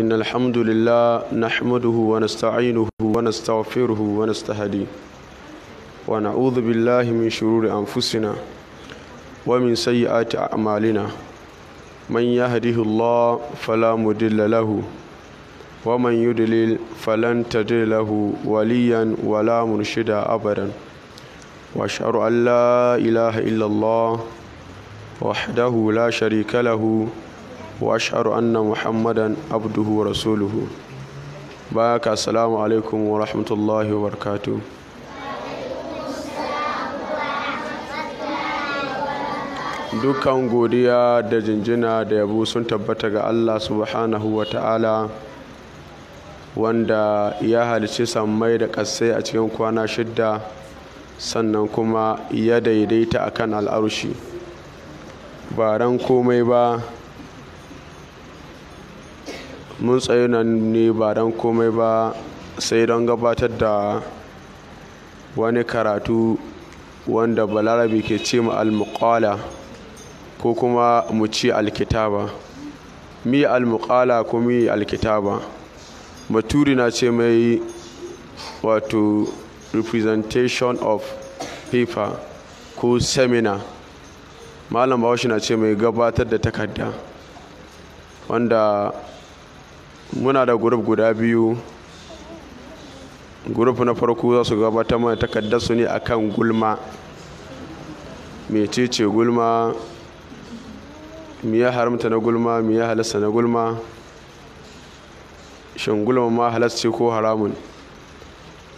إن الحمد لله نحمده ونستعينه ونستغفره ونستهديه ونعوذ بالله من شرور أنفسنا ومن سيئات أعمالنا من يهده الله فلا مضل له ومن يضلل فلن تجد له وليا ولا مرشدا أبدا وأشهد أن لا إله إلا الله وحده لا شريك له وأشهد أن محمدا عبده ورسوله salamu السلام عليكم rahmatullahi الله وبركاته dukkan godiya da jinjina da yabo sun tabbata ga Allah subhanahu wa ta'ala wanda ya halice sammai da ƙasai a cikin kwana shidda sannan kuma ya daidaita akan al'arushi ba ran komai ba mun tsayo nan ne ba don komai ba sai don gabatar da wani karatu wanda balarabi ke ce ma almuqala ko kuma mu ci alkitaba mi almuqala ko mi alkitaba maturi na ce mai wato representation of paper ko seminar malam bahaushe na ce mai gabatar da takarda wanda muna da guruf guda biyu guruf na farko za su gabatar mana takardar su ne akan gulma mecece gulma me ya haramta na gulma me ya halasta na gulma shin gulma ma halasta ko haramun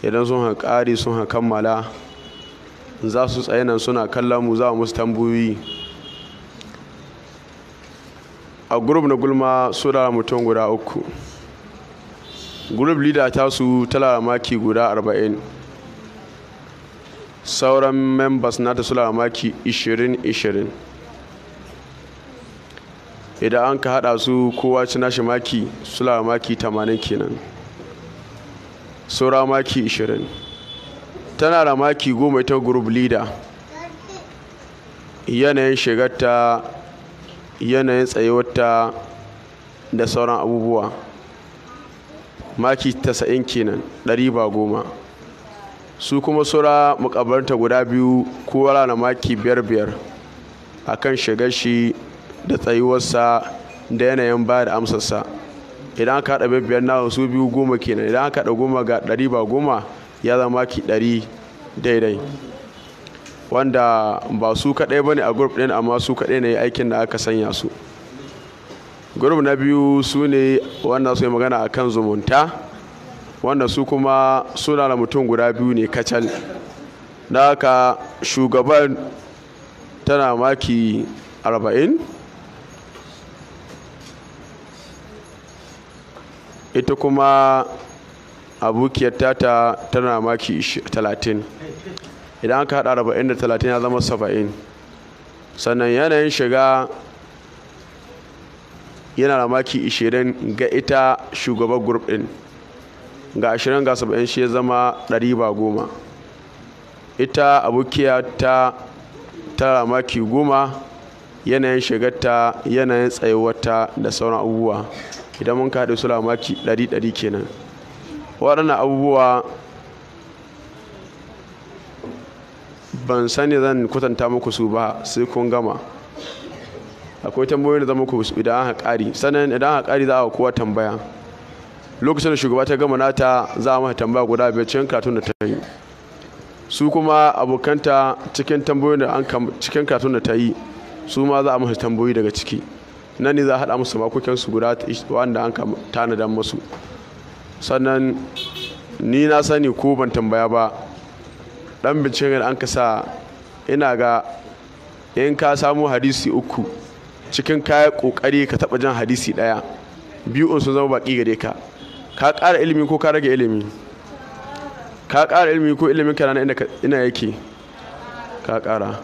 idan sun haƙari sun kammala za su tsaye nan suna kallon mu za musu tambayoyi a gurub na gulma su da mutum guda uku group leader ta su tala maki guda 40 sauran members na nata suna maki 20-20 idan an ka hada su kowa ci nashi maki suna maki 80 kenan saura maki 20 tana da maki goma ita group leader yanayin shigarta yanayin tsayewarta da sauran abubuwa maki 90 kenan 100 ba goma su kuma sura mukabarta guda biyu ko na maki biyar biyar akan kan shi da tsayuwarsa da yanayin ba da amsarsa idan ka haɗa biyar na su biyu goma kenan idan ka haɗa goma ga ɗari ba goma ya zama maki ɗari daidai wanda ba su kaɗai ba ne a group ɗin amma su kaɗai ne aikin da aka sanya su gurbi na biyu su ne wanda su yi magana a kan zumunta wanda su kuma suna da mutum guda biyu ne kacal da haka shugaban tana maki 40 ita kuma abokiyar tata tana maki 30 idan ka hada 40 da 30 ya zama 70 sannan yanayin shiga yana da maki 20 ga ita shugaban group din ga 20 ga 70 shi ya zama 100 ba goma ita abokiya ta tara maki goma yanayin shigarta yanayin tsayuwarta da sauran abubuwa idan mun kaɗe su maki 100 100 kenan waɗannan abubuwa ban sani zan kwatanta muku su ba sai kun gama akwai tambayoyin da zama ku idan aka kari sanan idan aka kari za a kowa tambaya lokacin da shugaba ta gama nata za a mata tambaya guda biyar cikin karatun da ta yi su kuma abokanta cikin tambayoyin da an cikin karatun da ta yi su ma za a mata tambayoyi daga ciki nan ne za a haɗa musu su guda wanda an tanadan musu sannan ni na sani ko ban tambaya ba dan binciken an ka sa ina ga in ka samu hadisi uku cikin kayan kokari ka taba jan hadisi daya biyu sun zama baki gare ka ka ƙara ilimi ko ka rage ilimi ka ƙara ilimi ko ilimin ka na ina yake ka ƙara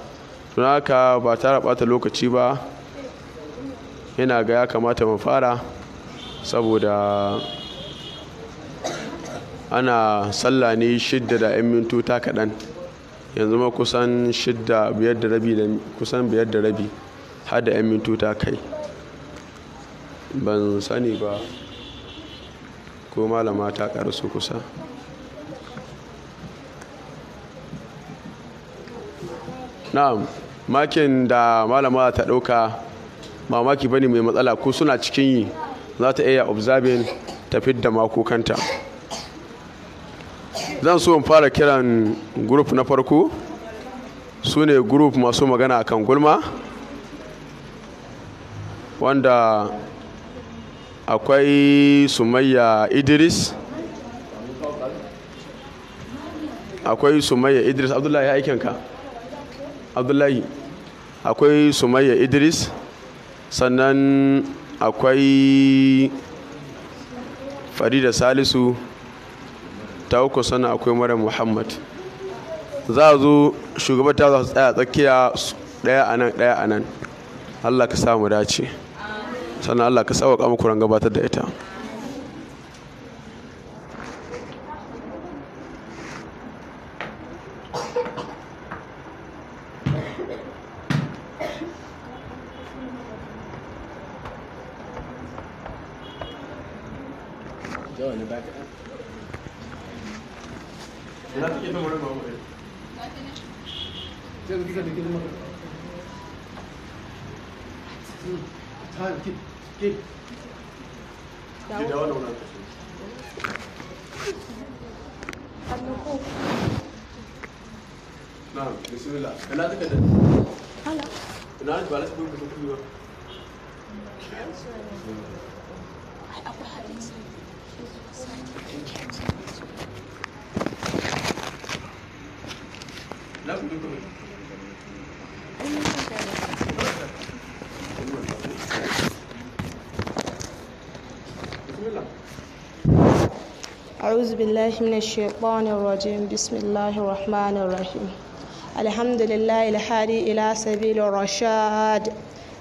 don haka ba tara bata lokaci ba yana ga ya kamata mu fara saboda ana sallah ne shidda da 'yan mintuta kaɗan yanzu ma kusan shidda biyar da rabi kusan biyar da rabi har da 'yan mintuta kai ban sani ba ko malama ta karasu kusa na'am makin da malama ta ɗauka mamaki bane mai matsala ko suna cikin yi za ta iya observing ta mako kanta? zan so in fara kiran group na farko su ne group masu magana akan gulma wanda akwai sumayya idris akwai sumayya idris abdullahi aikinka abdullahi akwai sumayya idris sannan akwai farida salisu ta uku sannan akwai mara muhammad za a zo shugabata za su tsaya tsakiya daya a nan daya a nan allah ka samu dace sannan Allah ka sauƙa mu gabatar da ita أعوذ بالله من الشيطان الرجيم بسم الله الرحمن الرحيم الحمد لله الحادي إلى سبيل الرشاد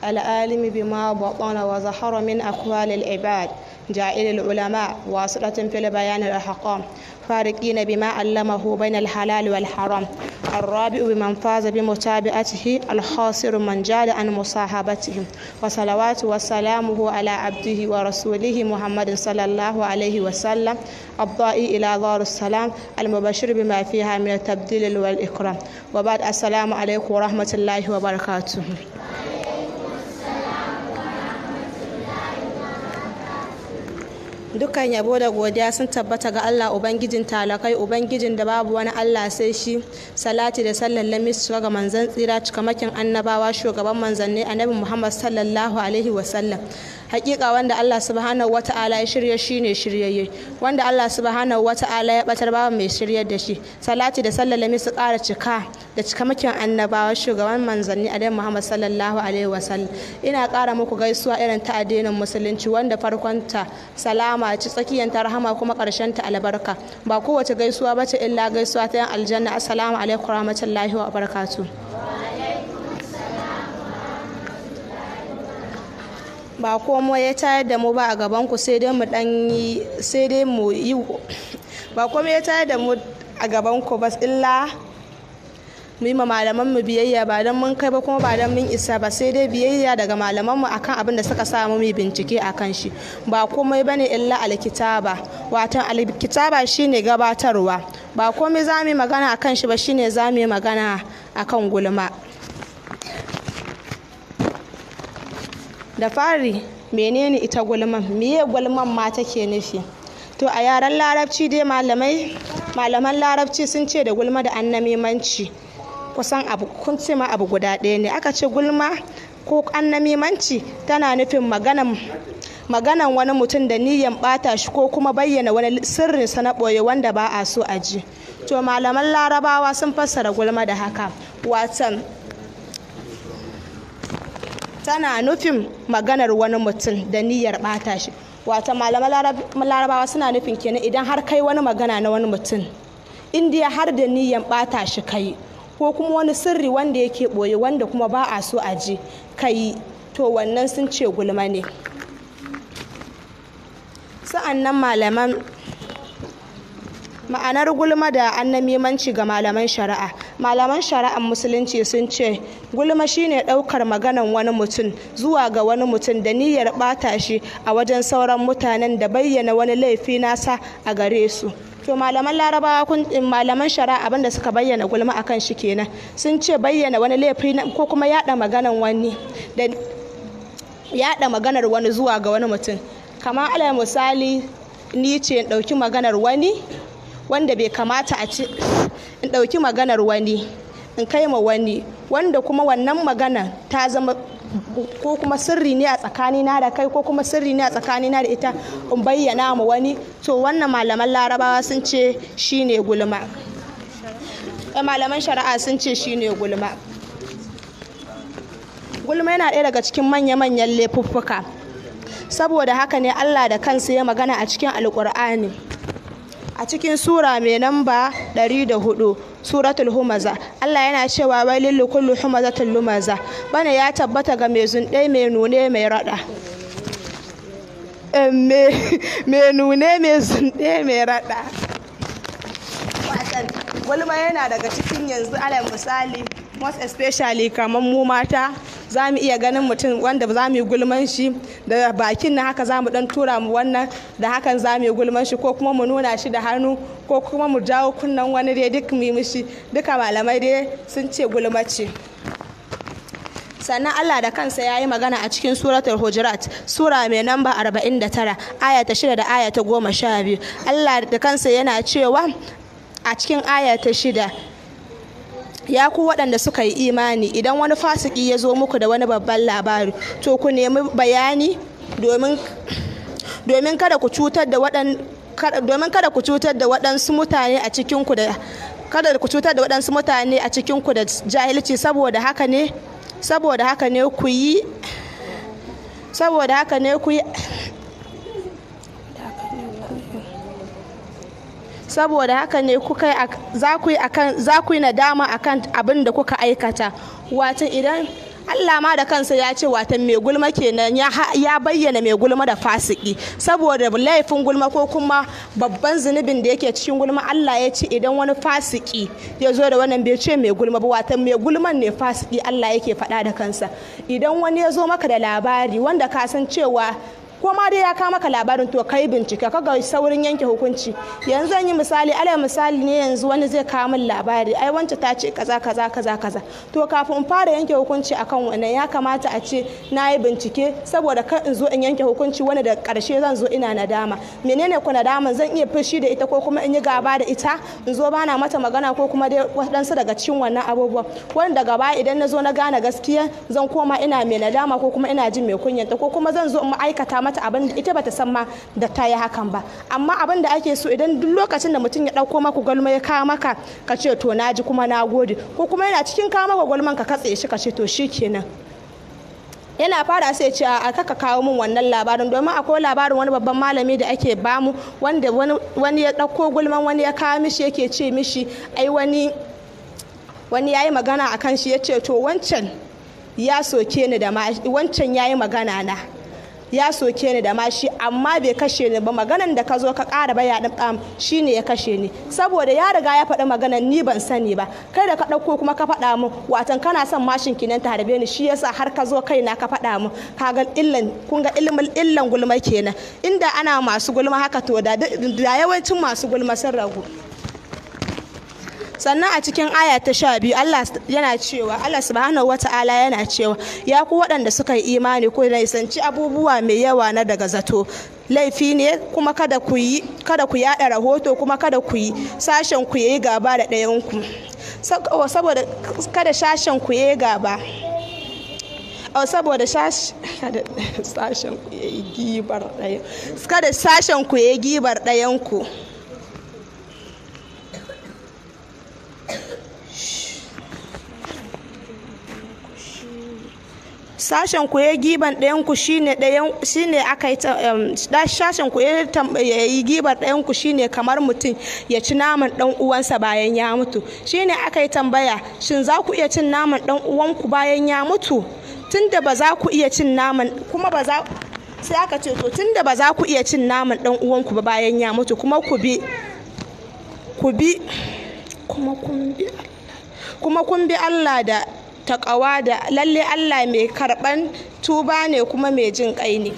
العالم بما بطن وظهر من أقوال العباد جائل العلماء واصلة في البيان الأحقام فارقين بما علمه بين الحلال والحرام الرابع بمن فاز بمتابعته الخاسر من جال عن مصاحبته وصلوات وسلامه على عبده ورسوله محمد صلى الله عليه وسلم الضائي إلى دار السلام المبشر بما فيها من التبديل والإكرام وبعد السلام عليكم ورحمة الله وبركاته dukkan yabo da godiya sun tabbata ga Allah ubangijin talakai ubangijin da babu wani Allah sai shi salati da sallan lamis ga manzan tsira cika makin annabawa shugaban manzanni annabi Muhammad sallallahu alaihi wasallam hakika wanda Allah subhanahu wata'ala ya shirya shine shiryayye wanda Allah subhanahu wata'ala ya batar babu mai shiryar da shi salati da sallalami su kara cika da cikamakin annabawa shugaban manzanni a Muhammad sallallahu alaihi wasallam ina kara muku gaisuwa irin ta addinin musulunci wanda farkon ta salama ci tsakiyar ta rahama kuma karshen ta albarka ba kowace gaisuwa bace illa gaisuwa ta yan aljanna assalamu alaikum wa wa barakatuh ba komai ya tayar da mu ba a gaban ku sai dai mu dan yi sai dai mu yi ba komai ya tayar da mu a gaban ku ba illa mu yi ma malaman mu biyayya ba don mun kai ba kuma ba don mun isa ba sai dai biyayya daga malaman mu akan abin da suka samu mu bincike akan shi ba komai bane illa alkitaba wato alkitaba shine gabatarwa ba komai zamu magana akan shi ba shine zamu magana akan gulma da fari menene ita gulman meye gulman ma take nufi to a yaren larabci dai malamai malaman larabci sun ce da gulma da annamimanci kusan abu kun ce ma abu guda ɗaya ne aka ce gulma ko annamimanci tana nufin maganan maganan wani mutum da niyyar bata shi ko kuma bayyana wani sirrinsa na ɓoye wanda ba a so a ji to malaman larabawa sun fassara gulma da haka watan tana nufin maganar wani mutum da niyyar ɓata shi wata malaman larabawa suna nufin kenan idan har kai wani magana na wani mutum indiya har da niyyar bata shi kai ko kuma wani sirri wanda yake ɓoye wanda kuma ba a so a ji kai to wannan sun ce gulma ne sa'annan malaman ma'anar gulma da annamimanci ga malaman shari'a malaman shari'ar musulunci sun ce gulma shine ɗaukar maganan wani mutum zuwa ga wani mutum da niyyar bata shi a wajen sauran mutanen da bayyana wani laifi nasa a gare su to malaman larabawa kun malaman shari'a abinda suka bayyana gulma akan shi kenan sun ce bayyana wani laifi ko kuma yada maganan wani da yada maganar wani zuwa ga wani mutum kamar alal misali ni ce in ɗauki maganar wani wanda bai kamata a ci in ɗauki maganar wani in kai ma wani wanda kuma wannan magana ta zama ko kuma sirri ne a tsakanina da kai ko kuma sirri ne a tsakanina da ita in bayyana ma wani to wannan malaman larabawa sun ce shine gulma eh, malaman shari'a sun ce shine gulma gulma yana ɗaya daga cikin manya-manyan laifuffuka saboda haka ne allah da kansa ya magana a cikin alkur'ani a cikin sura mai namba 104 suratul humaza Allah yana cewa wailil kullu humazatul lumaza bana ya tabbata ga mai zunɗe mai nune mai rada mai nune mai zunɗe mai rada wani ma yana daga cikin yanzu alal misali most especially kamar mu mata za mu iya ganin mutum wanda za mu yi gulman shi da bakin na haka za mu dan tura mu wannan da hakan za mu yi gulman shi ko kuma mu nuna shi da hannu ko kuma mu jawo kunnan wani dai duk mu yi mishi duka malamai dai sun ce gulma ce sannan Allah da kansa ya yi magana a cikin suratul hujurat sura mai namba 49 aya ta 6 da aya ta 12 Allah da kansa yana cewa a cikin aya ta 6 ya ku waɗanda suka yi imani idan wani fasiki ya zo muku da wani babban labari to ku nemi bayani domin kada ku cutar da domin kada ku cutar da waɗansu mutane a cikinku da kada ku cutar da waɗansu mutane a cikinku da jahilci saboda haka ne saboda haka ne ku yi saboda haka ne ku yi saboda haka ne za ku yi nadama kan abin da kuka aikata watan idan Allah ma da kansa ya ce watan mai gulma kenan ya bayyana mai gulma da fasiki saboda laifin gulma ko kuma babban zunubin da yake cikin gulma Allah ya ce idan wani fasiki ya zo da wannan bai ce mai gulma ba watan mai gulman ne fasiki Allah yake faɗa da kansa idan wani ya zo maka da labari wanda ka san cewa ko ma dai ya kama maka labarin to kai bincike ka ga saurin yanke hukunci yanzu yi misali alal misali ne yanzu wani zai kawo min labari ai wance ta ce kaza kaza kaza kaza to kafin in fara yanke hukunci akan wannan ya kamata a ce na yi bincike saboda kar in zo in yanke hukunci wani da karshe zan zo ina nadama menene ku nadama zan iya fushi da ita ko kuma in yi gaba da ita in zo bana mata magana ko kuma dai waɗansu daga cikin wannan abubuwan wanda baya idan na zo na gane gaskiya zan koma ina mai nadama ko kuma ina jin mai kunyanta ko kuma zan zo in aikata mata mata abin da ita bata san ma da ta yi hakan ba amma abin da ake so idan duk lokacin da mutum ya ɗauko maka gwalma ya kawo maka ka ce to na ji kuma na gode ko kuma yana cikin kawo maka gwalman ka katse shi ka ce to shi kenan yana fara sai ce a kaka kawo min wannan labarin domin akwai labarin wani babban malami da ake bamu wanda wani ya ɗauko gulman wani ya kawo mishi yake ce mishi ai wani wani ya yi magana a kan shi ya ce to wancan ya soke ni da wancan ya yi magana na ya soke ni da mashi amma bai kashe ni ba maganan da ka zo ka kara ba ɗin ƙam shi ne ya kashe ni saboda ya riga ya faɗi maganan ni ban sani ba kai da ka ɗauko kuma ka faɗa min watan kana son mashin kinan ta harbe ni shi yasa har ka zo na ka faɗa mu ka ga illan kun ga illan gulma kenan inda ana masu gulma haka to da yawancin masu gulma sun ragu sannan a cikin aya ta sha biyu Allah yana cewa Allah subhanahu ta'ala yana cewa ya ku waɗanda suka yi imani ko nisanci abubuwa mai yawa na daga zato laifi ne kuma kada ku yi kada ku yaɗa rahoto kuma kada ku yi sashen ku yayi gaba da ɗayan ku oh, saboda kada sashen ku yayi gaba oh, saboda sashen ku yayi gibar ɗayan kada sashen ku yayi gibar ɗayan ku sashen ku ya giban ɗayan ku shine ɗayan shine aka yi sashen ku ya yi gibar ɗayan ku shine kamar mutum ya ci naman ɗan uwansa bayan ya mutu shine aka yi tambaya shin za ku iya cin naman ɗan uwanku bayan ya mutu tunda ba za ku iya cin naman kuma ba za sai aka ce to tunda ba za ku iya cin naman ɗan uwanku ba bayan ya mutu kuma ku bi ku bi kuma kun bi Allah da kawa da lalle Allah mai karɓan tuba ne kuma mai jin ƙai ne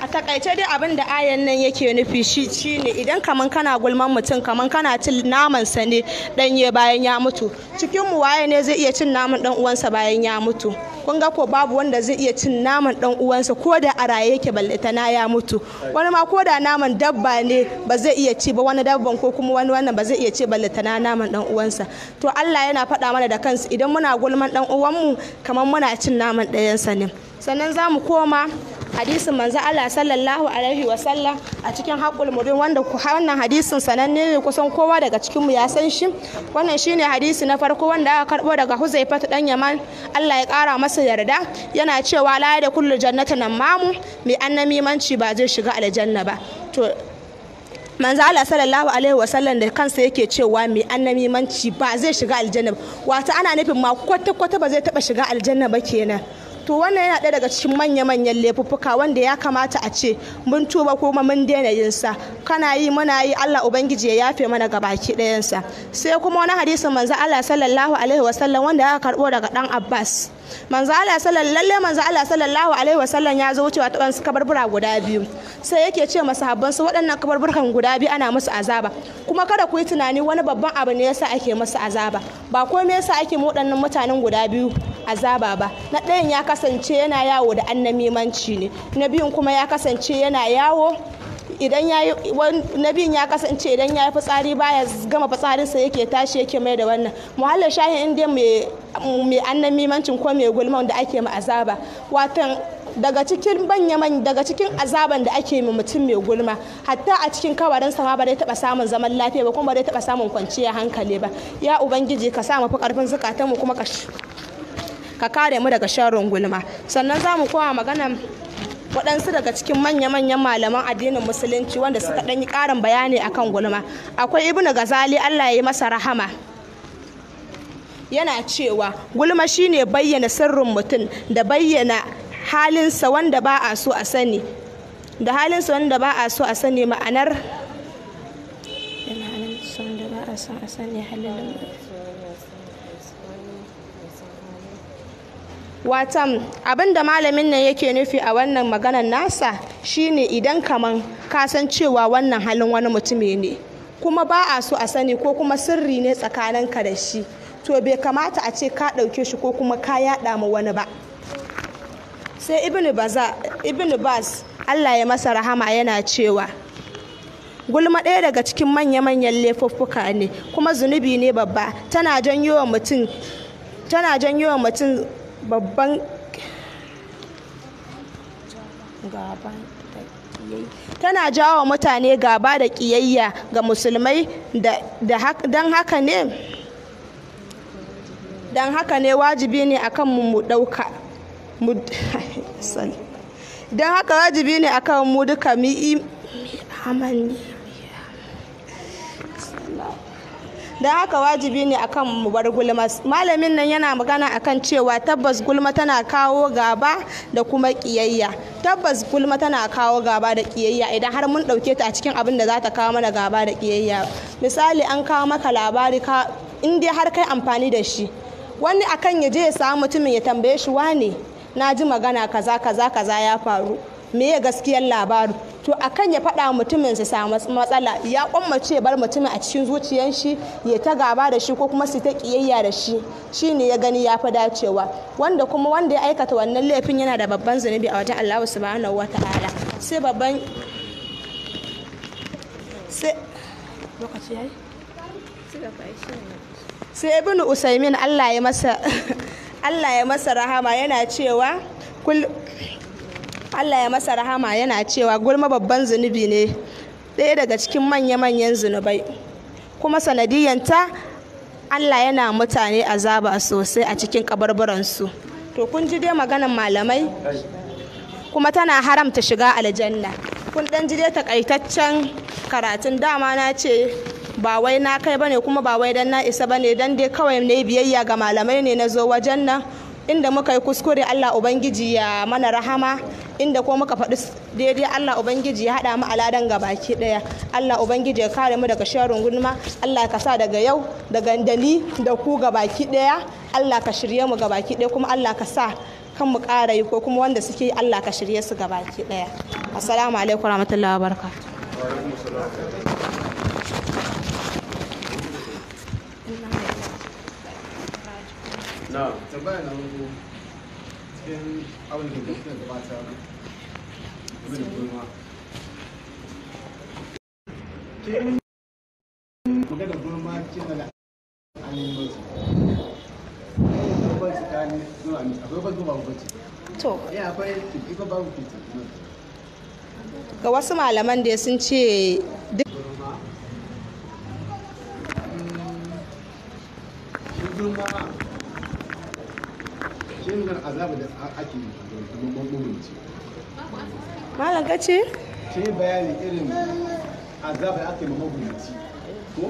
a takaice dai abin da ayan nan yake nufi shi ne idan kaman kana gulman mutum kaman kana cin naman sa ne ɗanye bayan ya mutu cikin mu waye ne zai iya cin naman ɗan uwansa bayan ya mutu kun ga ko babu wanda zai iya cin naman dan uwansa ko da a raye yake na ya mutu wani ma ko da naman dabba ne ba zai iya ci ba wani dabban ko kuma wani wannan ba zai iya ci na naman dan uwansa to Allah yana faɗa mana da kansa idan muna gulman dan uwanmu kamar muna cin naman ɗayansa ne sannan za mu koma hadisin manzo Allah sallallahu alaihi wasallam a cikin haƙul mubin wanda wannan hadisin sananne ne kusan kowa daga cikin mu ya san shi wannan shine hadisi na farko wanda aka karbo daga Huzaifatu dan Yaman Allah ya ƙara masa yarda yana cewa la da kullu jannatin mamu mai manci ba zai shiga aljanna ba to manzo Allah sallallahu alaihi wasallam da kansa yake cewa mai manci ba zai shiga aljanna ba wato ana nufin ma kwata kwata ba zai taba shiga aljanna ba kenan to wannan yana ɗaya daga cikin manya-manyan laifuffuka wanda ya kamata a ce mun tuba kuma mun daina yin sa kana yi muna yi Allah ubangiji ya yafe mana gabaki ɗayan sa sai kuma wani hadisin manzo Allah sallallahu alaihi wasallam wanda aka karbo daga dan Abbas manzo Allah sallallahu lalle manzo Allah sallallahu alaihi wasallam ya zo wucewa ta wasu kabarbura guda biyu sai yake ce sahabban su waɗannan kabarburkan guda biyu ana musu azaba kuma kada ku yi tunani wani babban abu ne yasa ake musu azaba ba komai yasa ake mu waɗannan mutanen guda biyu azaba ba na ɗayan ya kasance yana yawo da annamimanci ne na biyun kuma ya kasance yana yawo idan ya yi biyun ya kasance idan ya yi fitsari baya gama fitsarinsa yake tashi yake mai da wannan muhallar shahin inda mai annan mimancin ko mai gulman da ake ma azaba watan daga cikin manyan daga cikin azaban da ake ma mutum mai gulma hatta a cikin kawarinsa ma ba dai taba samun zaman lafiya ba kuma ba dai taba samun kwanciyar hankali ba ya ubangiji ka sa mu karfin karfin zukatanmu kuma ka ka kare mu daga sharon gulma sannan za mu kowa magana waɗansu daga cikin manya-manyan malaman addinin musulunci wanda suka ɗan yi ƙarin bayani akan gulma akwai ibnu gazali allah ya yi masa rahama yana cewa gulma shine bayyana sirrin mutum da bayyana halinsa wanda ba a so a sani da halinsa wanda ba a so a sani ma'anar wanda ba a so a sani halin watan abin da malamin nan yake nufi a wannan maganar nasa shine idan kaman san cewa wannan halin wani mutumi ne kuma ba a so a sani ko kuma sirri ne tsakanin ka da shi to bai kamata a ce ka ɗauke shi ko kuma ka yaɗa ma wani ba sai ibn bas allah ya masa rahama yana cewa gulma ɗaya daga cikin manya-manyan laifuffuka ne kuma zunubi ne babba tana janyo wa mutum babban tana jawo mutane gaba da kiyayya ga musulmai don haka ne don haka ne wajibi ne a akan mu ɗauka don haka wajibi ne akan mu duka mi'i amanni don haka wajibi ne akan mu bar gulma malamin nan yana magana akan cewa tabbas gulma tana kawo gaba da kuma kiyayya tabbas gulma tana kawo gaba da kiyayya idan har mun ɗauketa ta a cikin abin da za ta kawo mana gaba da kiyayya misali an kawo maka labari ka in dai har kai amfani da shi wani akan ya je ya samu mutumin ya tambaye shi wane na ji magana kaza kaza kaza ya faru me gaskiyar labarin to akan ya faɗa mutumin su samu matsala ya kwammace bar mutumin a cikin zuciyar shi ya ta gaba da shi ko kuma su ta kiyayya da shi shine ya gani ya fi dacewa wanda kuma wanda ya aikata wannan laifin yana da babban zunubi a wajen Allah subhanahu wataala sai babban sai lokaci sai ibnu usaimin Allah ya masa Allah ya masa rahama yana cewa Allah ya masa rahama yana cewa gulma babban zunubi ne ɗaya daga cikin manya-manyan zunubai kuma sanadiyanta Allah yana mutane azaba sosai a cikin kabarbaransu to kun ji dai maganan malamai kuma tana haramta shiga aljanna kun dan ji dai takaitaccen karatun dama na ce ba wai na kai ba ne kuma ba wai dan na isa ba ne dan dai kawai ne biyayya ga malamai ne na zo wajen nan inda muka yi kuskure Allah Ubangiji ya mana rahama inda ko muka faɗi daidai Allah ubangiji ya haɗa mu aladan baki ɗaya Allah ubangiji ya kare mu daga sharin gulma Allah ka sa daga yau daga dali da ku baki ɗaya Allah ka shirye mu baki ɗaya kuma Allah ka sa kan mu ƙara yi ko kuma wanda suke Allah ka shirye su baki ɗaya assalamu alaikum warahmatullahi wabarakatuh No. cikin abin da da da ga wasu malaman da sun ce duk ake kamar ce ka ce bayani irin ake ma magunci ko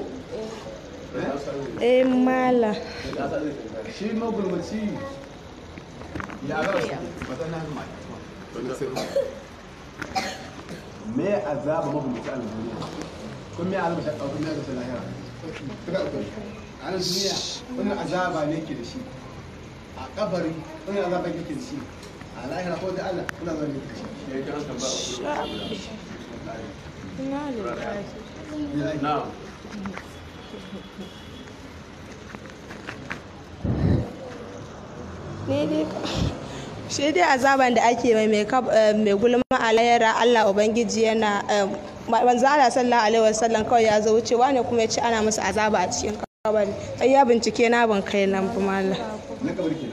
eh mala shi ya su me azaba a duniya me azaba ta kawo azaba ne ke da shi a kabari kuna za ba kike shi a lahira ko da Allah kuna za kike shi ya ne dai shi dai azaban da ake mai mai eh, gulma a lahira Allah ubangiji yana eh, manzo Allah sallallahu alaihi wasallam kawai ya zo wucewa ne kuma ya ci ana musu azaba a cikin kabari ai ya bincike na ban kai nan kuma ke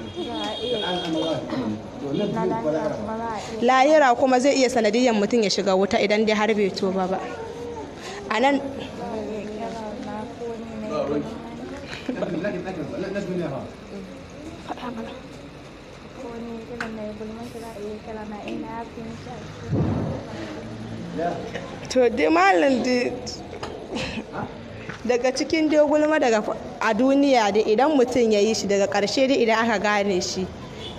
lahira kuma zai iya sanadiyar mutum ya shiga wuta idan dai har bai tuba ba a to dai malam daga cikin dogulma daga a duniya dai idan mutum ya yi shi daga karshe dai idan aka gane shi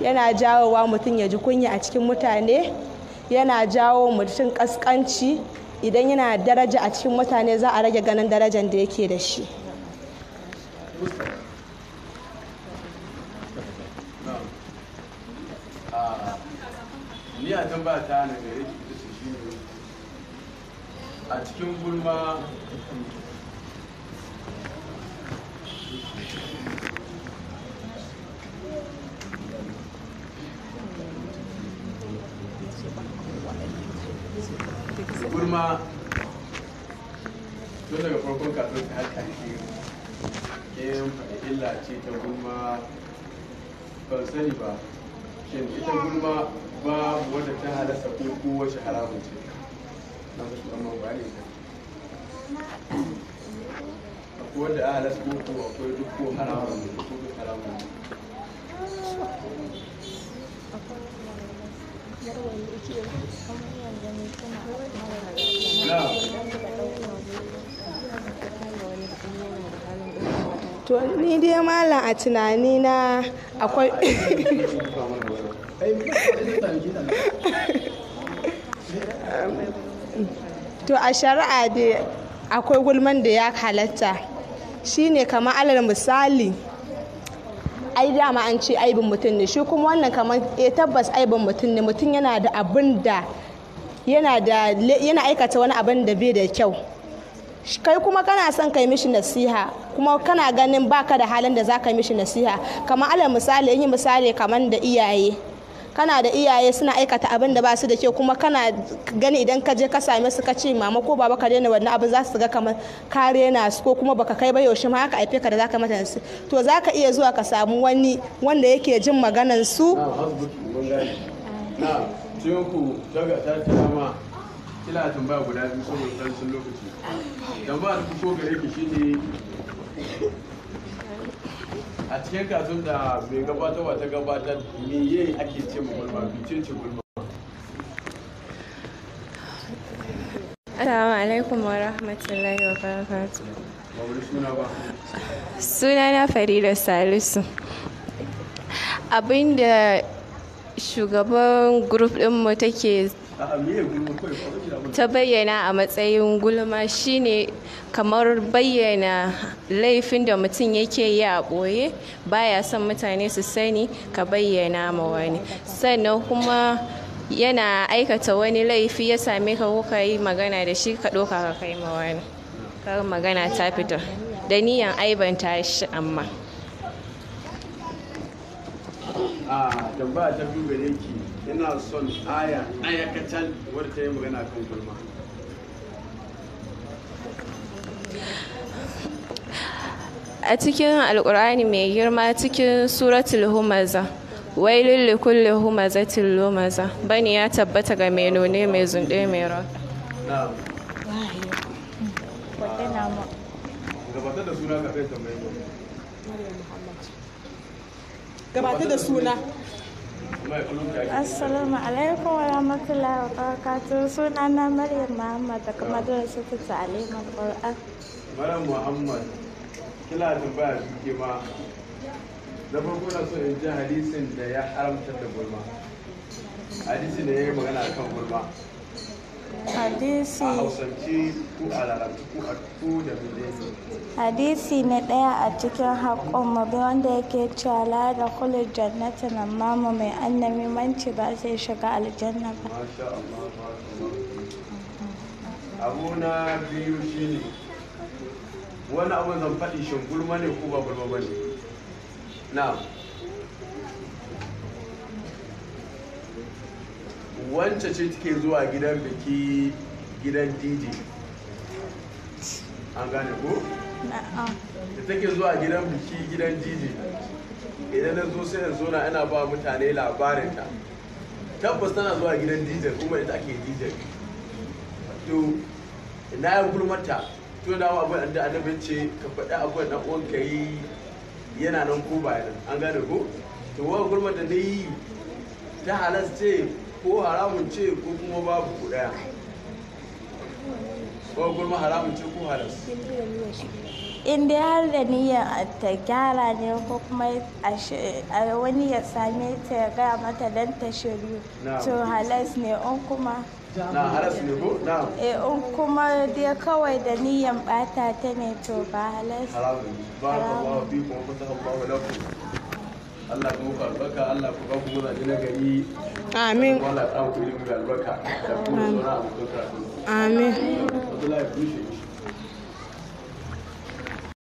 yana jawowa mutum ya ji kunya a cikin mutane yana jawo mutum kaskanci idan yana daraja a cikin mutane za a rage ganin darajar da yake da shi a cikin gulma illa ce ta gulma ban sani ba shin ita gulma ba wadda ta halasta ko kowace haramun ce na ga shi amma ba ne akwai wadda a halasta ko ko akwai duk ko haramun ne ko duk haramun ne Yeah. to ni dai malam a tunani na akwai to a shari'a dai akwai gulman da ya halatta shine kamar alal misali ai dama an ce aibin mutum ne shi kuma wannan kamar ya eh tabbas aibin mutum ne mutum yana da abin da yana aikata wani abin da bai da kyau kai kuma kana son kai mishi nasiha kuma kana ganin baka da halin da za ka mishi nasiha kamar alal misali yi misali kamar da iyaye kana da iyaye suna aikata abin da ba su da kyau kuma kana gani idan ka je ka same su ka ce mama ko baba ka daina wannan abu za su ga kamar kare na su ko kuma baka kai ba yaushe ma haka aife ka da zaka mata su to zaka iya zuwa ka samu wani wanda yake jin maganan su ma. kila a tambaya guda biyu saboda ɗancin lokaci tambaya da kuko gare ki shine a cikin kasuwar da mai gabatarwa ta gabatar me ye ake ce ma gulma bice ce gulma Assalamu alaikum wa rahmatullahi wa barakatu. Suna na Farida Salisu. Abinda shugaban grup ɗinmu take ta bayyana a matsayin gulma shine kamar bayyana laifin da mutum yake yi a ɓoye baya son mutane su sani ka bayyana ma wani sannan kuma yana aikata wani laifi ya same ka kuka yi magana da shi ka ɗauka ka kai ma wani kar magana ta fito da niyan aibanta shi amma a tambaya ta dubbe ne ke ina son aya ɗaya kacal wadda ta yi magana kan gulma a cikin alkur'ani mai girma cikin suratul humaza wailul li humaza humazatil lumaza bani ya tabbata ga mai nune mai zunde mai rock gabatar da suna Assalamu alaikum wa rahmatullahi wa barakatuh. Suna na Maryam Muhammad da kuma darasa ta ta'alimin Qur'an. Maryam Muhammad, kila da tambaya kike ma da farko na so in ji hadisin da ya haramta da gulma. Hadisin da ya yi magana kan gulma. hadisi hadisi na ɗaya a cikin haƙon mabi wanda yake cewa la da kulin jannata na mamu mai annami manci ba zai shiga aljanna ba abu na biyu shine wani abu zan faɗi shi gulma ne ko ba gulma ba ne na wance ce take zuwa gidan biki gidan dj an gane ko? da take zuwa gidan biki gidan dj idan na zo sai yanzu na ana ba mutane labarinta tabbas tana zuwa gidan dj kuma ita ake dj to na yi gulmata to da abin da annabin ce ka faɗi abin da uwan ka yi yana nan ko bayan an gane ko to wa gulmata da yi ta halas ce ko haramun ce ko kuma babu ku ko kuma haramun ce ko halas in dai har da niyyar ta gyara ne ko kuma a wani ya same ta ya gaya mata don ta shiru to halas ne in kuma na halas ne ko na e eh, in kuma dai kawai da niyyar bata ta ne to ba halas haramun ba ba ba bi ta ba Allah ka muku albarka Allah ku ba ku na gari amin Allah ya ku ilimi albarka da amin Abdullahi